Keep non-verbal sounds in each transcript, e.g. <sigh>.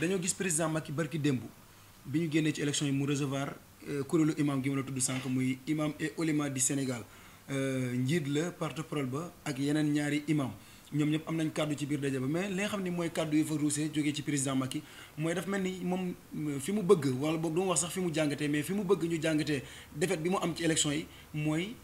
dañoo gis président Macky barki démb bi ñu génnee ci élection yi mu recevoir euh, kuréelu imam gi ma la tudd sànq muy imam et olima du Sénégal euh, njiit la porte-parole ba ak yeneen ñaari imam ñoom ñëpp am nañ kàddu ci biir daje ba mais li nga xam ne mooy kàddu yi fa ruusee jógee ci président Macky mooy daf mel ni moom euh, fi mu bëgg wala boog du ma wax sax fi mu jàngatee mais fi mu bëgg ñu jàngatee défaite bi mu am ci élection yi mooy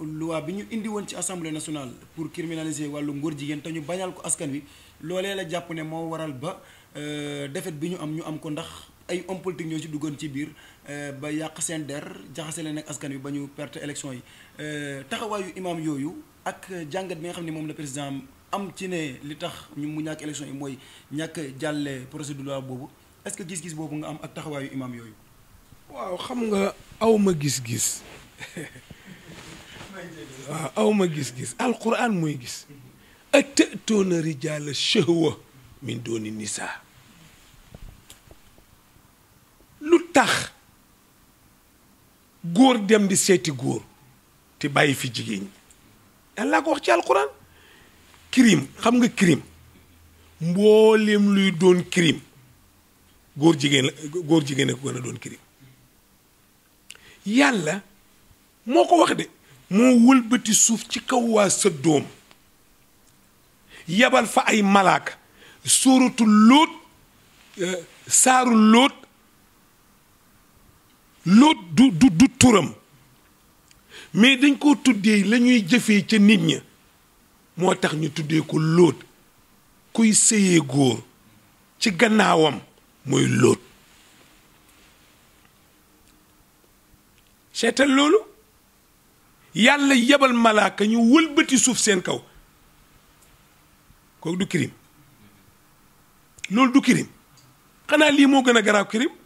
loi bi ñu indi woon ci assemblée nationale pour criminaliser wàllu ngóor jigéen te ñu bañal ko askan wi loolee la jàpp ne moo waral ba Euh, defet bi ñu am ñu am ko ndax ay hommes politique ñoo ci duggoon ci biir euh, ba yàq seen der jaxase leen ak askan wi ba ñu perte élection yi euh, taxawaayu imaam yooyu ak jàngat bi nga xam ne moom la président am ci ne li tax ñu mu ñàkk élection yi mooy ñàkk jàlle procédure boobu est que gis-gis boobu nga am ak taxawaayu imaam yooyu. waaw xam nga awma gis-gis <laughs> waaw awma gis-gis alquran mooy gis ak tëtoona rijaala shahwa min dooni nisaa tax góor dem di seeti góor te bàyyi fi jigéen ñi yàlla ko wax ci alquran kirim xam nga kirim mbooleem luy doon crime góor jigéen la góor jigéen ko gën doon crime yàlla moo ko wax de moo wëlbati suuf ci kaw waa sa doom yabal fa ay malaaka sóoratu lóot euh, saaru lóot loot du du turam mais dañ koo tuddee lañuy jëfee ca nit ña moo tax ñu tuddee ko loot kuy sëyee góor ci gannaawam mooy loot seetal loolu yàlla yebal malaaka ñu wëlbati suuf seen kaw kooku du kirim loolu du kirim xanaa lii moo gën a garaaw kirim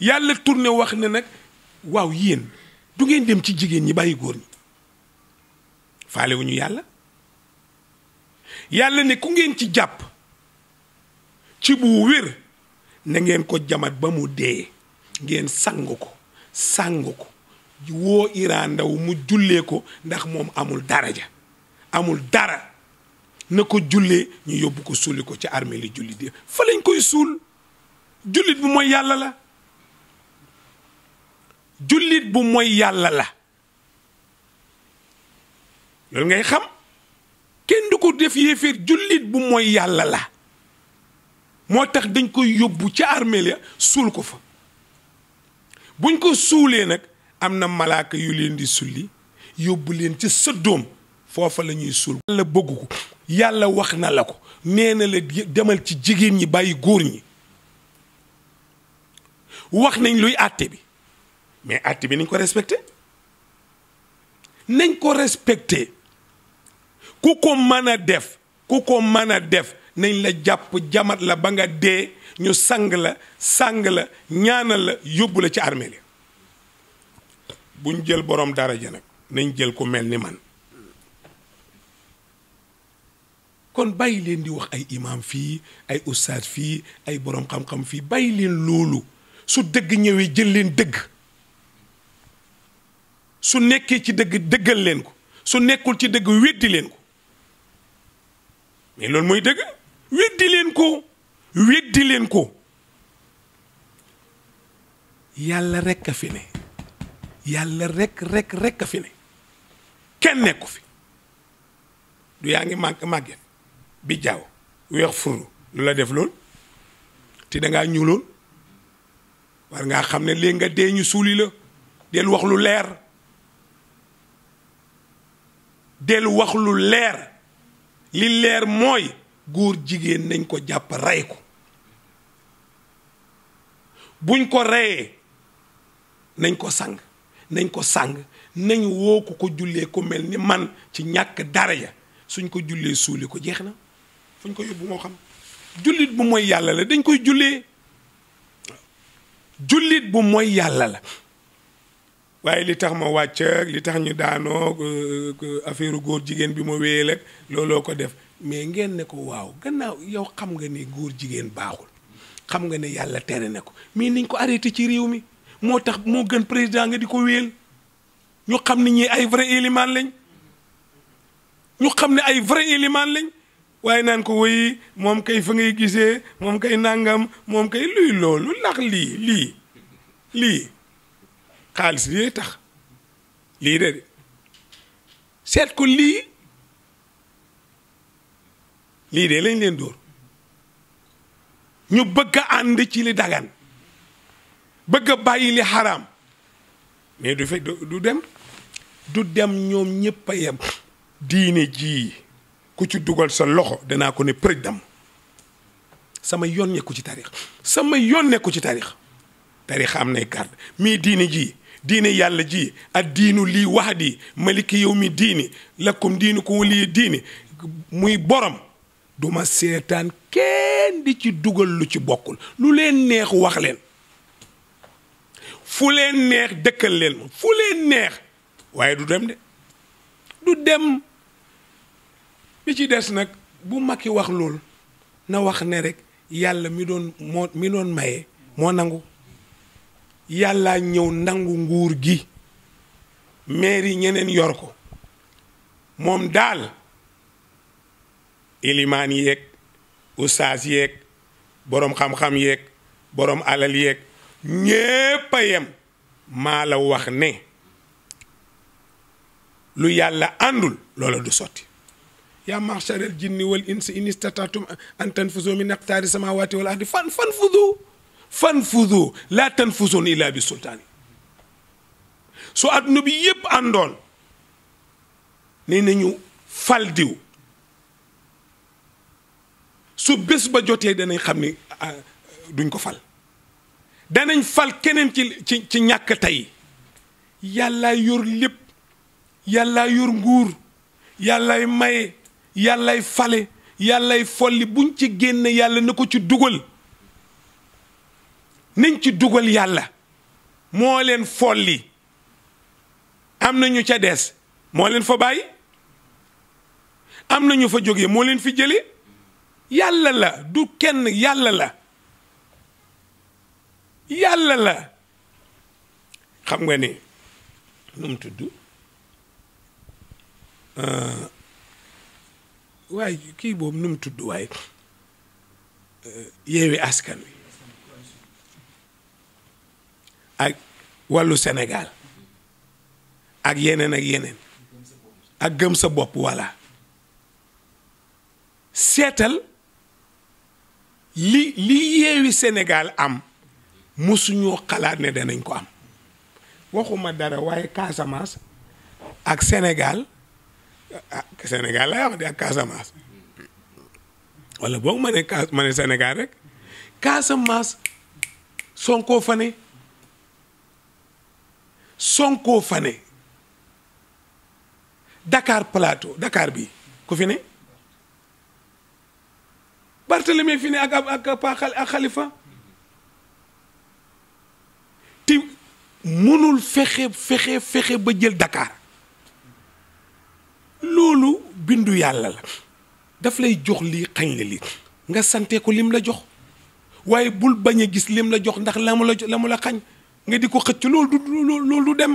yàlla tourné wax ne nag waaw yéen du ngeen dem ci jigéen ñi bàyyi góor ñi faale wuñu yàlla yàlla ne ku ngeen ci jàpp ci bu wér na ngeen ko jamat ba mu dee ngeen sang ko sang ko woo Iran ndaw mu jullee ko ndax moom amul daraja amul dara na ko jullee ñu yóbbu ko suuli ko ci armée li jullit yi fa lañ koy suul jullit bi mooy yàlla la jullit bu mooy yàlla la loolu ngay xam kenn du ko def yéeféer jullit bu mooy yàlla la moo tax dañ koy yóbbu ca armeel ya suul ko fa buñ ko suulee nag am na malaaka yu leen di sulli yóbbu leen ci sëddoom foofa la ñuy suul yàlla bëgg ko yàlla wax na la ko nee na la demal ci jigéen ñi bàyyi góor ñi wax nañ luy àtte bi mais àtte bi nañ ko respecté nañ ko respecté ku ko mën a def ku ko mën a def nañ la jàpp jamat la ba nga dee ñu sang la sang la ñaanal la yóbbu la ci armée li buñ jël borom dara ja nag nañ jël ko mel ni man kon bàyyi leen di wax ay imaam fii ay ustaad fii ay boroom xam-xam fii bàyyi leen loolu su dëgg ñëwee jël leen dëgg su nekkee ci dëgg dëggal leen ko su nekkul ci dëgg weddi leen ko mais loolu mooy dëgg weddi leen ko weddi leen ko yàlla rekk a fi yàlla rekk rekk rek a fi kenn nekku fi du yaa ngi màgg màgget bi jaaw weex furu lu la def lool te dangaa ñuuloon war ngaa xam ne léegi nga dee ñu suuli la del wax lu leer del wax lu leer li leer mooy góor jigéen nañ ko jàpp rey ko buñ ko reyee nañ ko sang nañ ko sang nañ woo ko ko jullee ko mel ni man ci ñàkk dara ja suñ ko jullee suuli ko jeex na fuñ ko yóbbu moo xam jullit bu mooy yàlla la dañ koy jullee jullit bu mooy yàlla la waaye li tax ma wàcc li tax ñu daanoo affaire góor jigéen bi ma wéyal ak looloo ko def mais ngeen ne ko waaw gannaaw yow xam nga ne góor jigéen baaxul xam nga ne yàlla tere na ko mais niñ ko arrêté ci réew mi moo tax moo gën président nga di ko wéel ñu xam ne ñi ay vrai élément lañ ñu xam ne ay vrai élément lañ waaye naan ko woyi moom kay fa ngay gisee moom kay nangam moom kay luy loolu ndax lii lii lii xaalis lii tax lii de seet ko lii lii de lañ leen dóor ñu bëgg a ànd ci li dagan bëgg a bàyyi li xaraam mais du fe du dem du dem ñoom ñëpp a yem diine ji ku ci dugal sa loxo danaa ko ne përëj dam sama yoon nekku ci taarix sama yoon nekku ci taarix taarix am nay carte mais diine ji diine yàlla ji ak diinu lii wax di maliki yow mi diini lakkum diinu ko waliye diini muy borom duma seetaan kenn di ci dugal lu ci bokkul lu leen neex wax leen fu leen fu leen neex waaye du dem de du dem bi ci des nag bu magi wax lool na wax ne rek yàlla mi doon moo mi doon maye moo nangu yàlla ñëw nangu nguur gi maire yi ñeneen yorko moom daal ilimaan yeeg ustaas yeek boroom xam-xam yeeg boroom alal yeeg ñépp yem maa la wax ne lu yàlla àndul loola du sotti yaa maxsharal jinni wal insi in istataatum an tanfuzu min aqtaari samawati wal ardi fan fanfudu fanfudu laa tanfusun illaa bi sultaani su adduna bi yépp àndoon ne nañu fal diw su bés ba jotee danañ xam ni ah, duñ ko fal danañ fal keneen ci ci ci ñàkk tey yàllaa yor lépp yàllaa yur nguur yàllaay maye yàllaay fale yàllaay folli buñ ci génne yàlla na ko ci dugal nañ ci dugal yàlla moo leen folli am na ñu ca des moo leen fa bàyyi am na ñu fa jóge moo leen fi jëlee yàlla la du kenn yàlla la yàlla la xam nga ni nu mu tudd euh, waaye kii boobu nu mu tudd waaye euh, yeewi askan wi ak wàllu Sénégal ak yeneen ak yeneen ak gëm sa bopp voilà seetal li li yeewi Sénégal am musuñoo xalaat ne danañ ko am waxuma dara waaye Casamance ak Sénégal ak ah, Sénégal lay wax de ak Casamance wala boog ma ne ma ne Sénégal rek Casamance Sonko fa ne Sonko fa ne dakaar Plateau Dakar bi ku fi ne Barthélemy fi ne ak ak ak Khalifa te mënul fexe fexe ba jël Dakar loolu bindu yàlla la daf lay jox lii xañ la lii nga sante ko lim la jox waaye bul bañ a gis lim la jox ndax la mu la la mu la xañ nga di ko xëcc loolu du loolu du dem